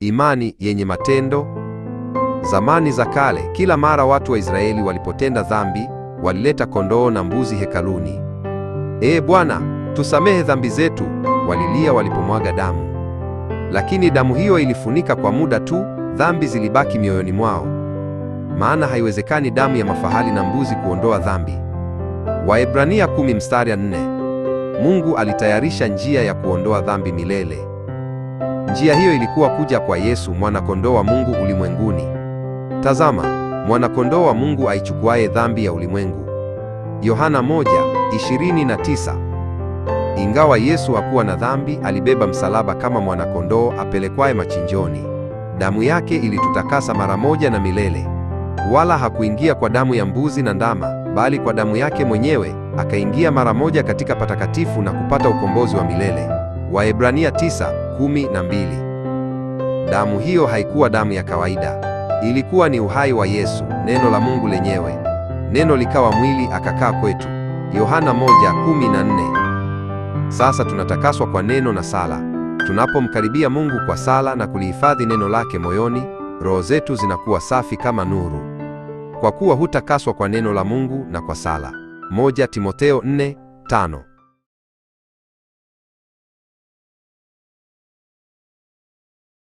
imani yenye matendo. Zamani za kale, kila mara watu wa Israeli walipotenda dhambi, walileta kondoo na mbuzi hekaluni. Ee Bwana, tusamehe dhambi zetu, walilia walipomwaga damu. Lakini damu hiyo ilifunika kwa muda tu, dhambi zilibaki mioyoni mwao. Maana haiwezekani damu ya mafahali na mbuzi kuondoa dhambi. Waebrania 10 mstari 4. Mungu alitayarisha njia ya kuondoa dhambi milele. Njia hiyo ilikuwa kuja kwa Yesu mwanakondoo wa Mungu ulimwenguni. Tazama, mwanakondoo wa Mungu aichukuaye dhambi ya ulimwengu. Yohana 1:29. Ingawa Yesu hakuwa na dhambi, alibeba msalaba kama mwana-kondoo apelekwaye machinjoni. Damu yake ilitutakasa mara moja na milele. Wala hakuingia kwa damu ya mbuzi na ndama, bali kwa damu yake mwenyewe akaingia mara moja katika patakatifu na kupata ukombozi wa milele. Waebrania 9 kumi na mbili. Damu hiyo haikuwa damu ya kawaida, ilikuwa ni uhai wa Yesu, neno la Mungu lenyewe. Neno likawa mwili akakaa kwetu, Yohana moja kumi na nne. Sasa tunatakaswa kwa neno na sala. Tunapomkaribia Mungu kwa sala na kulihifadhi neno lake moyoni, roho zetu zinakuwa safi kama nuru, kwa kuwa hutakaswa kwa neno la Mungu na kwa sala. Moja Timotheo nne tano.